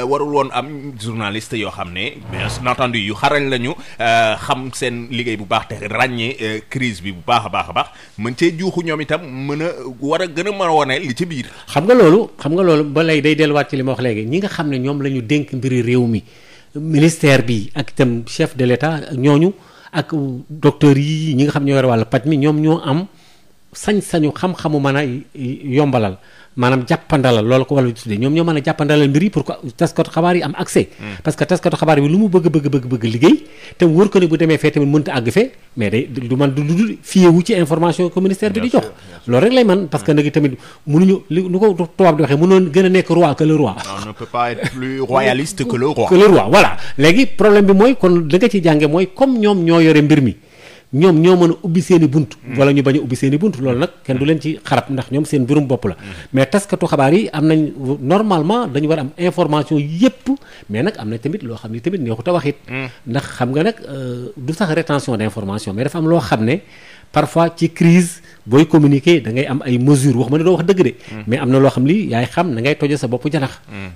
warul woon am journaliste yoo xam ne bien entendu yu xarañ lañu euh, xam seen liggéey bu baax te ràññee euh, crise bi bu baax a baax a baax mën cee juuxu ñoom itam mën a war a gën a mën a wane li ci biir. xam nga loolu xam nga loolu ba lay day delluwaat ci li ma wax léegi ñi nga xam ne ñoom la ñu dénk mbiri réew mi ministère bi ak itam chef de l'État ñooñu ak docteur yi ñi nga xam ñoo yor wàllu paj mi ñoom ñoo am sañ-sañu xam-xamu mën a yombalal. maanaam jàppandalal loolu ko wàllu di tuddee ñoom ñoo mën a jàppandalal mbir yi pour que taskatu xabaar yi am accès hmm. parce que taskatu xabaar bi lu mu bëgg bëgg bëgg bëgg liggéey te wóor ko ne bu demee fee tamit mënta àgg fee nu ko tubaab di waxee mënoon gën a nekk roi que roi on léegi problème bi mooy kon da nga ci jànge mooy comme ñoom ñoo yore mbir mi ñoom ñoo mën a ubbi seeni i bunt mm. wala ñu bañ a ubbi seen i bunt loolu nag kenn du mm. leen ci xarab ndax ñoom seen mbirum bopp la mm. mais taskatu xabaar yi am nañ normalement dañu war a am information yépp mais nag am na tamit loo xam ni tamit neexut a wax it ndax xam nga nag euh, du sax rétention d'information mais dafa am loo xam ne parfois ci crise booy communiquer da am ay mesures wax ma ne doo wax dëgg de. mais am na loo xam li yaay xam na ngay toje sa bopp janax.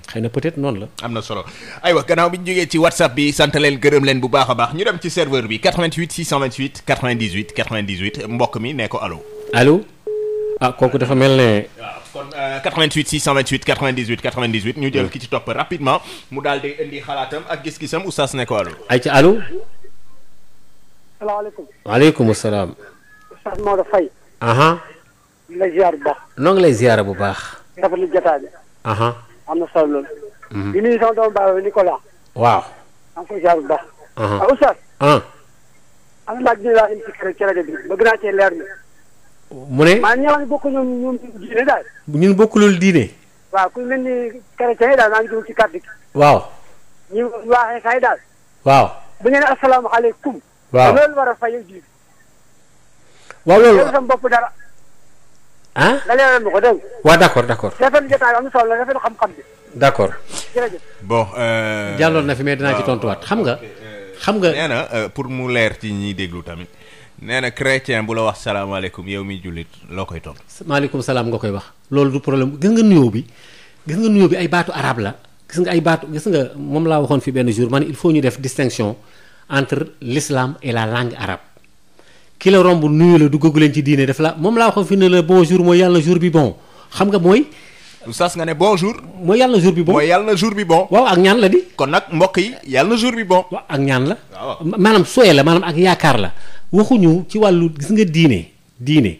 xëy na peut-être la. am na solo aywa gannaaw bi ñu jógee ci bi sant leen gërëm leen bu baax a baax ñu dem ci serveur bi 88 628 98 98 mbokk mi nee ko allo. allo. ah kooku dafa mel ne. kon 88 628 98 98 ñu jël ki ci indi xalaatam ak gis-gisam oustaz ne ko allo. ay ci allo. salaamaaleykum. waaleykum salaam. Cheikh Maodo Faye. di la ziar bu baax. noo ngi lay bu baax. rafetlu jotaay bi. am na solo loolu. Mhm. di nuyu sama doomu baay bi Nicolas. waaw. maa ngi koy ziar bu baax. waaw ah, oustaz. Ah. na laaj bi mu ne maa ngi bokk ñoom ñoom diine daal. ñun bokkulul diine. waaw ku mel ni chrétien yi daal maa ngi dugg ci kàddu gi. waaw. ñu waaxee saay daal. waaw. bu ñu nee asalaamaaleykum. waaw loolu war a fay ak waaw loolu la sama bopp dara. ah nga accord d' accord. rafetlu jotaay am d' accord. jërëjëf bon. Euh, jàlloon na fi mais dinaa ci tontuwaat xam nga. Euh, xam nga nee euh, pour mu leer ci ñiy déglu tamit nee na chrétien bu la wax salaamaaleykum yow mi jullit loo koy tontu. maaleykum salaam nga koy wax loolu du problème gis nga nuyoo bi gis nga nuyoo bi ay baatu arab la gis nga ay baatu gis nga moom laa waxoon fi benn jour man il faut ñu def distinction entre l' islam et la langue arabe. ki la romb nuyu la du gëgu leen ci diine def la moom laa waxoon fi ne la bonjour mooy yàlla jour bi bon xam nga mooy. sas nga ne bonjour. mooy yàlla jour bi bon yàlla jour bi bon. waaw ak ñaan la di. kon nag mbokk yi yàlla jour bi bon. waaw ak ñaan la. maanaam sooyee la maanaam ak yaakaar la waxuñu ci wàllu gis nga diine diine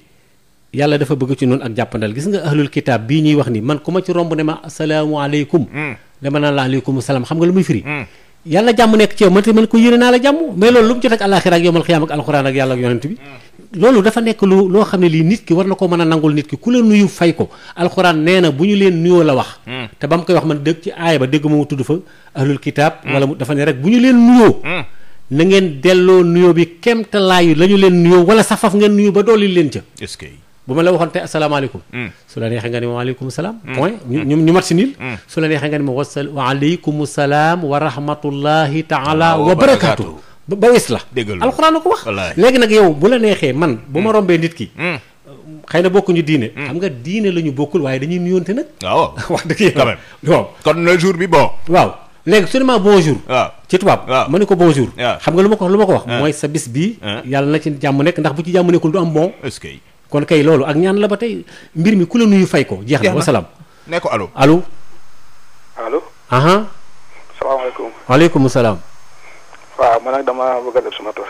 yàlla dafa bëgg ci noonu ak jàppandal gis nga ahlul kitaab bii ñuy wax ni man ku ma ci romb ne ma asalaamualeykum. Hmm. dama naan la aleykum salaam xam nga lu muy firi. Hmm. yàlla jàmm nekk ci yow man te man ko yéene naa la jàmm mais loolu lu mu jot ak àllaaxira ak yowmal xiyaam alxuraan ak yàlla ak bi mm. loolu dafa nekk lu loo xam ne lii nit ki war na ko mën a nangul nit ki ku la nuyu fay ko alxuraan nee na bu ñu leen nuyoo la wax mm. te ba mu koy wax man dëgg ci aaya ba dégg mu tudd fa ahlul kitaab mm. wala mu dafa ne rek bu ñu leen nuyoo na ngeen delloo nuyoo bi kemtalaayu la ñu leen nuyoo wala sa faf ngeen nuyu ba dolli leen ca bu ma la waxoon tey asalaamaaleykum mm. su la neexee nga ne ma salaam mm. point ñu ñu mat si niil mm. su la neexee nga ne ma wasal waaleykum salaam wa rahmatullahi taala wa barakaatu ba wees la alxuraan ko wax léegi nag yow bu la neexee man bu ma rombee nit ki xëy na bokkuñu diine xam nga diine la ñu bokkul waaye dañuy nuyoonte nag waaw wax dëgg yàlla waaw bi bon waaw léegi seulement bonjour waaw ci tubaab ma ne ko bonjour xam nga lu ma ko lu ma ko wax ah. mooy sa bis bii ah. yàlla na ci jàmm nekk ndax bu ci jàmm nekkul du am bon kon kay loolu ak ñaan la ba tey mbir mi ku la nuyu fay ko jeex na wasalaam. ne ko allo allo. allo. salaamaaleykum. waaleykum salaam. waaw man nag dama bëgg a def sama tool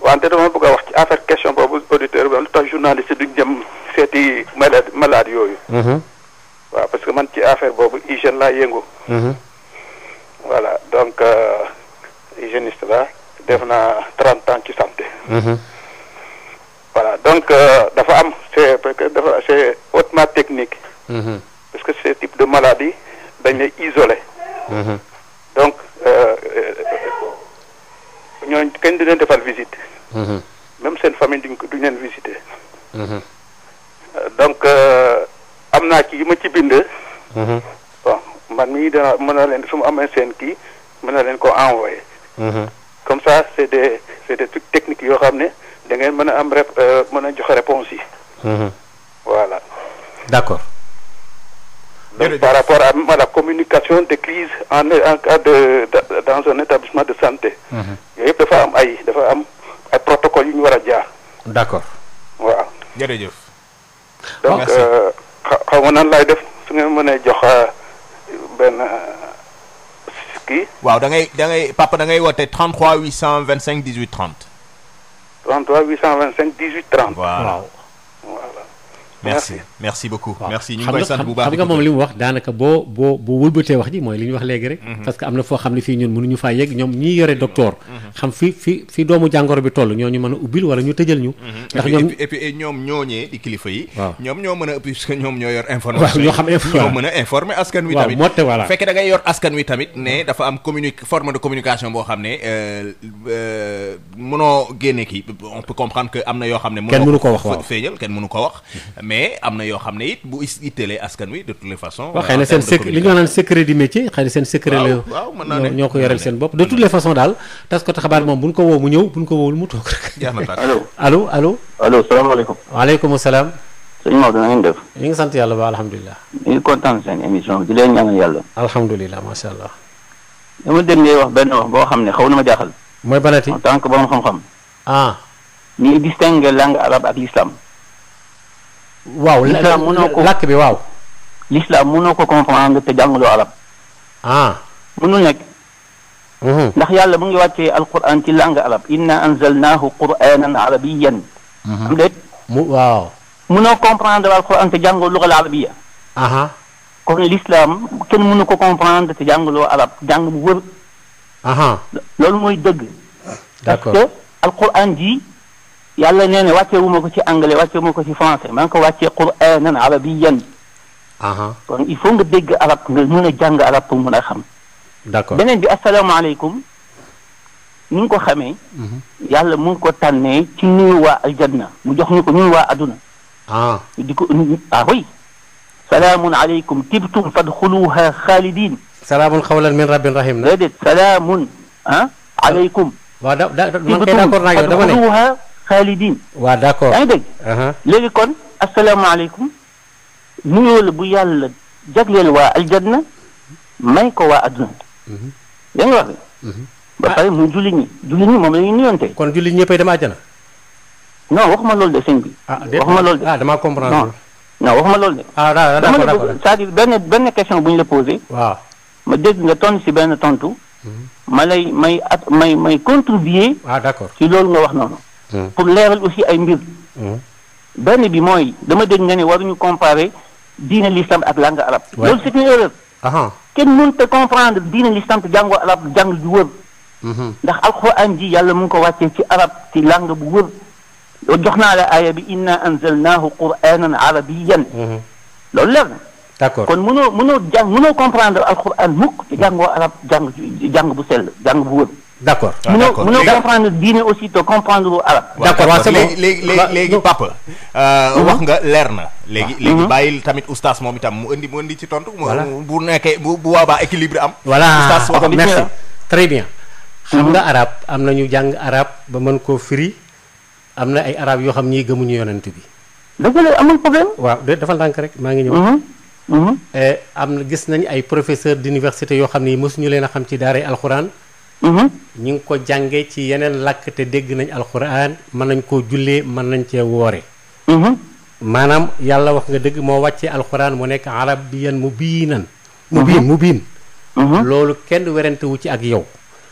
wante dama bëgg a wax ci affaire question boobu auditeur bi lu tax journaliste duñ dem seeti malade malade yooyu. Mhm. waaw parce que man ci affaire boobu hygiène laa yëngu. Mhm. voilà donc euh, hygiéniste la def naa trente ans ci santé. Mhm. voilà donc euh, dafa am c' est parce que dafa c' est technique. Mm-hmm. parce que ce type de maladie dañ lay isolé. Mm-hmm. donc euh, euh, ñooñ kenn du leen defal visite. Mm-hmm. même seen famille duñ ko duñ donc am naa ki yi ma ci bind. bon man mii dana mën na leen su mu amee seen kii mën na leen ko envoyé. comme ça c' est des c' techniques yoo xam ne. da ngeen mën a am rép euh, mën a joxe réponse yi. Mhm. voilà. d'accord. Donc, par rapport à, à, la communication des crises en, cas de, de, dans un établissement de santé. Mhm. yooyu yëpp dafa am ay dafa am ay protocole yu ñu war a jaar. d'accord. waaw. jërëjëf. donc euh, xaw ma nan lay def su ngeen mënee jox euh, benn kii. waaw da ngay da ngay papa da ngay woote 33 825 18 30. 33 825 18 merci merci beaucoup merci ñu ngi koy sant bu baax xam nga moom li mu wax daanaka boo boo boo wëlbatee wax ji mooy li ñu wax léegi rek mhm. parce que am na foo xam ne fii ñun mënuñu faa yegg ñoom ñii yore docteur mhm. xam fi fi fi doomu jàngoro bi toll ñoo ñu mën a ubbil wala ñu tëjal ñu mhm. ndax ñoom ñooñee di kilifa yi ñoom ñoo mën a ëpp parce ñoom ñoo yor information ñoo xam ñoo mën xam ne euh, euh, yoo xam ne mënoo ko wax feeñal kenn mënu ko wax mais am na yoo xam ne it bu itteelee askan wi de toutes les façons. waaw euh, xëy na seen secret li ñu naan secret du métier xëy na seen secret la. waaw mën naa ne ñoo ko yoreel seen bopp de toutes les façons daal taskatu xabaar moom bu ñu ko woo mu ñëw bu ñu ko woowul mu toog rek. jeex na allo allo allo. allo salaamaaleykum. waaleykum salaam. sëñ Maodo na ngeen def. ñu ngi sant yàlla ba alhamdulilah. ñu ngi kontaan seen émission bi di leen ñaanal yàlla. alhamdulilah macha allah. dama dégg ngay wax benn wax boo xam ne xaw na ma jaaxal. mooy banati en tant que borom xam-xam. ah. ñuy distinguer langue arabe ak l'islam waaw l'islam ko làkk bi waaw. l'islam mënoo ko comprendre te jàngaloo arab. ah. mënul nekk. Mhm. ndax yàlla mu ngi wàccee alquran ci langue arab. inna anzalnaahu qur'anan arabiyan. Mhm. am déet. mu waaw. mënoo comprendre alquran te jàngaloo lugal arabiya. kon l'islam kenn mënu ko comprendre te jàngaloo arab jàng bu wër. loolu mooy dëgg. parce que alquran ji. yàlla nee na wàccee wu ma ko ci anglais wàccee wu ma ko ci français maa ngi ko wàccee quraanan arabiyan i il faut nga dégg arab nga mën a jàng arab pour mën a xam d'accord beneen bi asalaamaaleykum ni nga ko xamee mhm. yàlla mu ngi ko tànnee ci nuyu waa aljanna mu jox ñu ko ñun waa aduna ah. di ko ah oui salaamun aleykum tibtum fadxuluha xaalidin salaamun xawlan min rabbin rahim déedéet salaamun ah aleykum waaw da da man kay d'accord naa yow dama xaalidin waaw d'accord yaa ngi dégg uh-huh. léegi kon asalaamaaleykum nuyoo la bu yàlla jagleel waa aljanna may ko waa adduna mm-hmm. yaa ngi wax bi mm-hmm. ba pare muy julli ñi julli ñi moom la ñuy nuyoonte kon julli ñëppay dem àjjana non waxuma loolu de sëñ bi ah, waxuma loolu de ah damaa comprendre non waxuma loolu de ah dama benn benn question bu ñu la posé waaw ma dégg nga ton si benn tontu mm-hmm. ma lay may at may may contribuer ah d'accord ci loolu nga wax noonu Hmm. pour leeral aussi ay mbir. Hmm. benn bi mooy dama dégg nga ne waruñu comparer diine l'islam ak langue arabe. loolu c'est une erreur. kenn mënut a comprendre diine l'islam te jàngoo arabe jàng ju wër. Hmm. ndax alxuraan ji yàlla mu ngi ko wàccee ci arab ci langue bu wër. jox naa la aaya bi inna anzalnaahu qur'aanan arabiyan loolu leer na. d'accord kon mënoo mënoo jàng mënoo comprendre alxuraan mukk te jàngoo arab jàng jàng bu sell jàng bu wër. d' accord waaw ah, d' accord mënoo comprendre diine aussi te comprendre lu arab. d' accord waaw léegi léegi léegi euh, mhm. wax nga leer na. léegi mhm. léegi bàyyil tamit oustaz moom itam mu indi mu indi ci tontu. bu nekkee bu bu waa baa équilibre am. voilà oustaz wax merci très bien. xam mhm. nga arab am na ñu jàng arab ba mën ko firi am na ay arab yoo xam ñii gëmuñu yonent bi. dëgg la amul problème. waaw de dafa ndànk rek maa ngi ñëw. Eh, am na gis nañ ay professeur d' université yoo xam ni mosuñu leen a xam ci daaray alxuraan. Mhm. ñu ngi ko jànge ci yeneen làkk te dégg nañ alxuraan mën nañ koo jullee mën nañ cee woore mhm. maanaam yàlla wax nga dëgg moo wàccee alxuraan mu nekk arabiyan mu biinan mu biin mu mhm. biin loolu kenn werantewu ci ak yow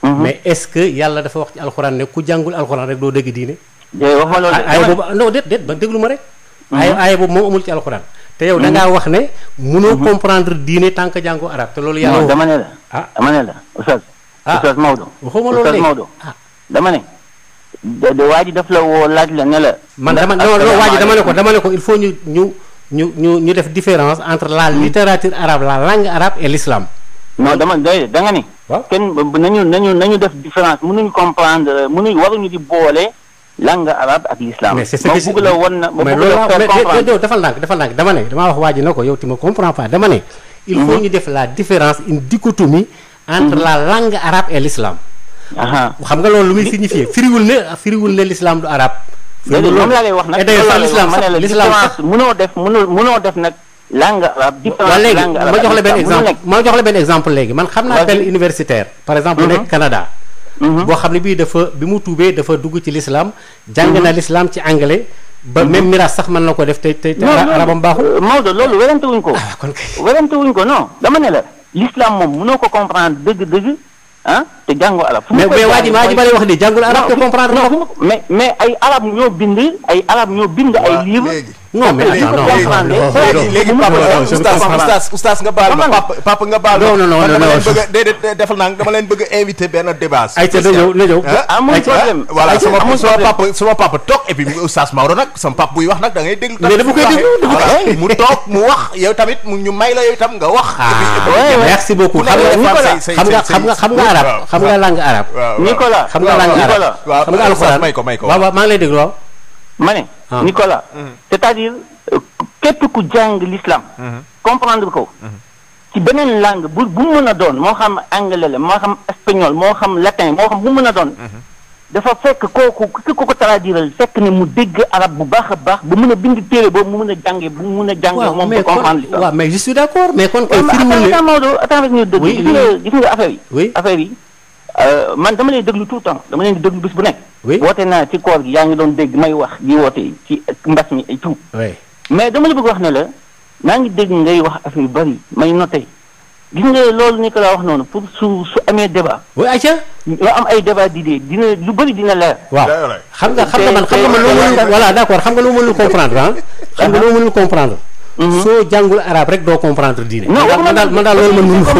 mais est-ce que yàlla dafa wax ci alxuraan ne ku jàngul alxuraan rek doo dégg diine wax ma loolu aaya boobu non déet déet ba déglu ma amul ci alxuraan te yow da ngaa wax ne mënoo comprendre diine tant que jàngoo arab te loolu yàlla dama ne la ah Ah. Oustaz Maodo waxuma loolu Oustaz Maodo ah. dama ne de waa ji daf la woo laaj la ne la man dama waa ji dama ne ko dama ne ko il faut ñu ñu ñu ñu ñu def différence entre la littérature arabe la langue arabe et l'islam non dama doy da nga ni kenn nañu nañu nañu def différence mënuñu comprendre mënuñu waruñu di boole langue arabe ak l'islam mais c'est ce que je bëgg la won na mais loolu defal ndànk defal dama ne damaa wax waa ji na ko yow ti ma comprends pas dama ne il faut mhm. ñu def la différence une dichotomie entre la langue arabe et l'islam xam nga loolu lu muy signifié firiwul ne firiwul ne l'islam du arabe firiwul moom laa lay wax nag l'islam sax mënoo def mënoo def nag langue arabe différence léegi ma jox la benn exemple jox la benn exemple léegi man xam naa benn universitaire par exemple bu nekk mhm. Mhm. boo xam ne dafa bi mu tuubee dafa dugg ci l'islam jàng na mhm. l'islam ci anglais ba même miraas sax mën na ko def te te arabam baaxul Maodo loolu werante ko ah, kon ko non dama ne la l'islam moom mënoo ko comprendre dëgg-dëgg ah te jàngu arab. fu mais mais waa ji waa wax nii jàngul arab te comprendre na mais mais ay arab ñoo bind ay arab ñoo bind. ay livre non mais attends non léegi papa oustaz nga baal ma papa nga baal ma. non non non non déedéet defal naa dama leen bëgg a invité benn débat. ayca na ñëw na ñëw. Ah, amul problème voilà sama papa sama papa toog et puis oustaz Maodo nag sama papa buy wax nag da ngay déglu. mais dama koy déglu dama koy mu toog mu wax yow tamit mu ñu may la yow itam nga wax. Ah, merci beaucoup xam nga xam nga xam nga arab xam nga langue arabe. Nicolas xam nga langue arabe. waaw xam nga alxuraan may ko may ko waaw waaw maa ngi lay déglu waaw ma ne Ah. Nicolas mm-hmm. c'est-à-dire euh, képp ku jàng l'islam mm-hmm. comprendre ko mm-hmm. ci beneen langue bu bu mën a doon moo xam anglais la moo xam espagnol moo xam latin moo xam bu mën a doon dafa fekk kooku ki ko ko traduiral fekk ne mu dégg arab bu baax a baax ba mun a bind téere boobu mu mun a jàngee bu mun a jàngee moom ba comprendre l'islam waaw mais je d'accord mais kon koy firmule Maodo attends rek ñu dëgg gis nga affaire yi affaire yi Euh, man dama lay déglu tout le temps dama leen di lu bis bu nekk. oui woote naa ci koor gi yaa ngi doon dégg may wax gi woote ci mbas mi et tout. mais dama la bëgg wax ne la naa ngi dégg ngay wax affaire yu bari may noté gis nga loolu ni ko laa wax noonu pour su su amee débat. oui ayca. nga am ay débat d'idée dina lu bëri dina leer. waaw xam nga xam nga man xam nga man loo xam nga loo mënul comprendre ah. xam nga loo mënul comprendre. Mhm. soo jàngul arab rek doo comprendre diine. non man daal man daal loolu man mënu ko.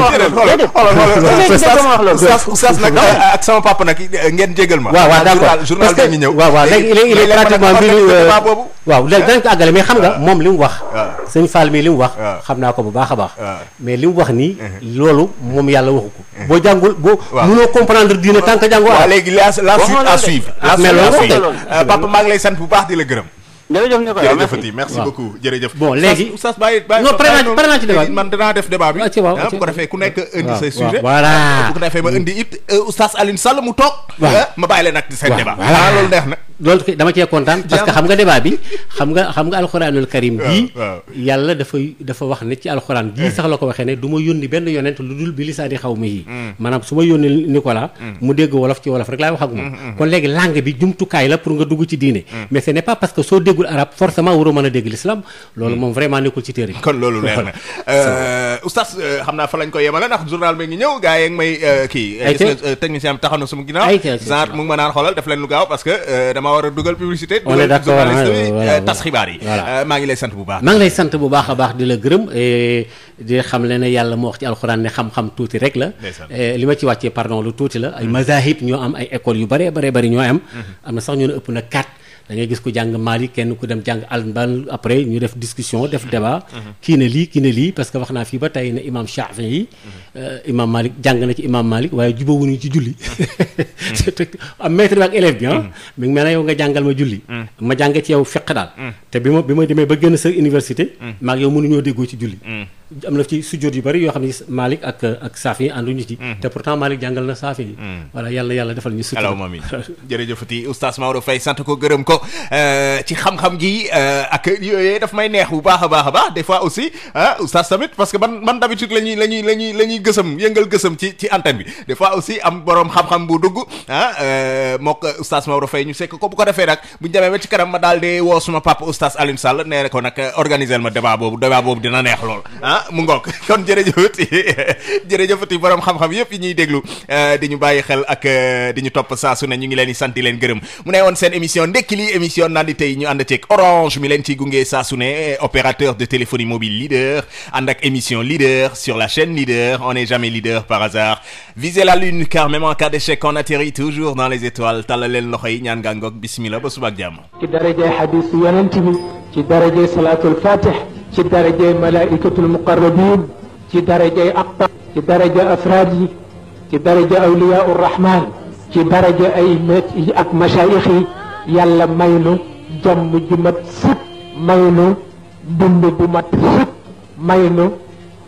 xoolal sas nag ah, ak sama papa nag ngeen jégal ma. waaw waaw d'accord journal bi ñëw. waaw waaw léegi léegi léegi pratiquement bi euh, boobu. waaw léegi danañ ko àggale mais xam nga ah. moom li mu wax. Ah. sëñ Fall mi li mu wax. xam naa ko bu baax a baax. mais li mu wax nii. loolu moom yàlla waxu ko. boo jàngul boo. waaw mënoo comprendre diine tant que jàngoo. waaw léegi la la suite à suivre. mais loolu euh, papa maa ngi lay sant bu baax di la gërëm jërëjëf ñu koy jërëjëfati merci beaucoup jërëjëf. bon léegi oustaz bàyyi bàyyi non pare naa ci débat bi man danaa def débat bi. Ah, waaw ah, bu ko ku nekk indi say sujet voilà bu ma mm. indi it euh, ali Alioune Sall mu toog. ma bàyyi leen ak seen débat. voilà ah, loolu neex na. loolu dama cee kontaan parce que xam nga débat bi xam nga xam nga alxuraanul karim bii yàlla dafay dafa wax ne ci alxuraan bii eh. sax la ko waxee ne du ma yónni benn yonent lu dul bi lisaani xaw ma yi hmm. maanaam su ma yónni Nicolas hmm. mu dégg wolof ci wolof rek laay wax ak moom hmm, kon léegi langue bi jumtukaay la pour nga dugg ci diine mais ce n'est pas parce que soo déggul arabe forcément waroo mën a dégg l'islam loolu moom vraiment nekkul ci téere kon euh, euh, xam naa fa lañ damaa war a dugal publicité. on est d'accord journaliste euh, tas xibaar yi. Euh, maa ngi lay sant bu baax. maa ngi lay sant bu baax a baax di la gërëm di xam le ne yàlla moo wax ci alxuraan ne xam-xam tuuti rek la. li ma ci wàccee pardon lu tuuti la. ay mm-hmm. mazahib ñoo am ay écoles yu bëree bëri bëri ñoo am. Mm-hmm. am na sax ñu ne ëpp na 4 da gis ko jàng Malik kenn ku dem jàng alban après ñu def discussion def débat kii ne lii kii ne lii parce que wax naa fii ba tey ne imam Shafi yi euh, imam Malik jàng na ci imam Malik waaye jubawuñu ci julli mm-hmm. am maître bi ak élève bi ah mm-hmm. mi ngi mel ne yow nga jàngal ma julli mm-hmm. ma jàng ci yow fiq daal te bi ma bi ma demee ba génn sa université maag yow ñoo déggoo ci julli am na ci sujjóot yu bari yoo xam ne Malick ak ak Safi ñu ci. Mm-hmm. te pourtant Malick jàngal na Safi. Mm-hmm. voilà yàlla yàlla defal ñu. sutura allahumma amiin jërëjëfati oustaz Maodo Faye sant ko gërëm ko euh, ci xam-xam gi euh, ak yooyee daf may neex bu baax a baax a baax des fois aussi ah oustaz tamit parce que ban man d'habitude la ñuy la ñuy la ñuy la ñuy gësam yëngal gësam ci ci antenne bi des fois aussi am borom xam-xam bu dugg ah mook oustaz Maodo ñu sekk ko bu ko defee nag bu jamee demee ba kanam ma daal di woo suma papa oustaz Alioune Sall nee na ko nag organiser ma débat boobu débat boobu dina neex lool ah mu ngoog kon jërëjëfati jërëjëfati borom xam-xam yëpp ñuy déglu eh, di ñu bàyyi xel ak eh, di ñu topp saa ñu ngi leen di sant di leen gërëm mu ne woon seen émission ndekki li émission naan di tey ñu ànd ceeg orange mi leen ciy gunge saa su eh, de téléphonie mobile leader ànd ak émission leader sur la chaîne leader on n'est jamais leader par hasard visez la lune car même en cas on atterrit toujours dans les étoiles tàllal leen loxo yi ñaan bismillah ba suba ak jàmm ci ci darajay malaikatul muqarrabin ci darajay aqtab ci daraja afraad yi ci daraja awliyaa urrahman ci daraja ay met ak masaayix yi yàlla may nu jàmm ju mat may nu dund bu mat may nu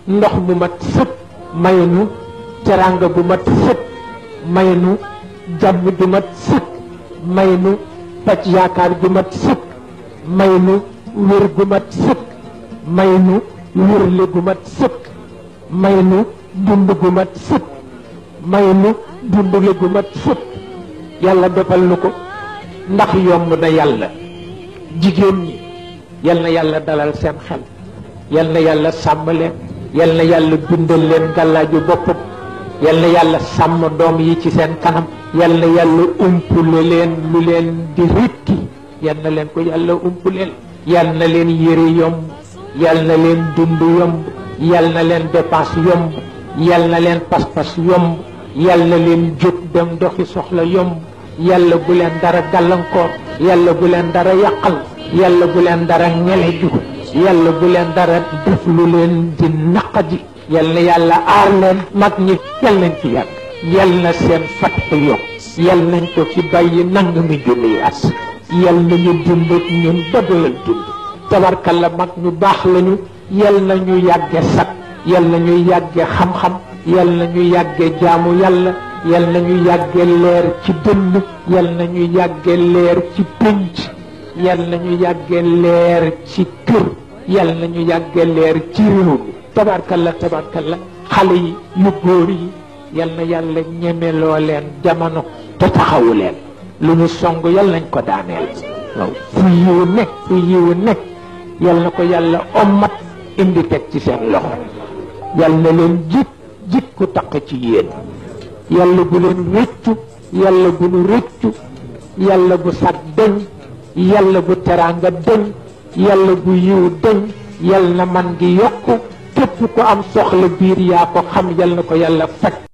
ndox bu mat sëkk may nu teraanga bu mat may nu jàmm ju mat may nu paj yaakaar ju mat may nu wér gu mat may nu wérle gu mat sëkk may nu dund gu mat sëkk may nu dundle gu mat sëkk yàlla defal nu ko ndax yomb na yàlla jigéen ñi yal yàlla dalal seen xel yal yàlla sàmm leen yal na yàlla bindal leen gàllaaju boppam yal na yàlla sàmm doom yi ci seen kanam yal na yàlla umpule leen lu leen di rikki yal na leen ko yàlla umpuleel yal na leen yére yomb yal na leen dund yomb yal na leen dépense yomb yal na leen pas-pas yomb yal na leen jóg dem doxi soxla yomb yàlla bu leen dara gàllankoor yàlla bu leen dara yàqal yàlla bu leen dara ñeleju yàlla bu leen dara def lu leen di naqadi yal na yàlla aar leen mag ñi yal nañ ci yàgg yal na seen fatt yokk yal nañ ko fi bàyyi nang mi junniy as yal nañu dund ak ñun ba doyal dund tabarkal la mag ñu baax lañu yal na ñu yàgge sag yal na ñu yàgge xam-xam yal na ñu yàgge jaamu yàlla yal na ñu yàgge leer ci dënn yal na ñu yàgge leer ci pénc yal na ñu yàgge leer ci kër yal na ñu yàgge leer ci réew mi tabarkalla tabarkalla xale yi yu góor yi yal na yàlla ñemeloo leen jamono te taxawu leen lu ñu song yal nañ ko daaneel fu yiwu nekk fu yiwu nekk yal na ko yàlla ommat indi teg ci seen loxo yal na leen jik jik ku taq ci yéen yàlla gu leen rëccu yàlla bu nu rëccu yàlla bu sag dëñ yàlla gu teraanga dëñ yàlla gu yiw dëñ yal na man gi yokk képp ku am soxla biir yaa ko xam yal na ko yàlla faj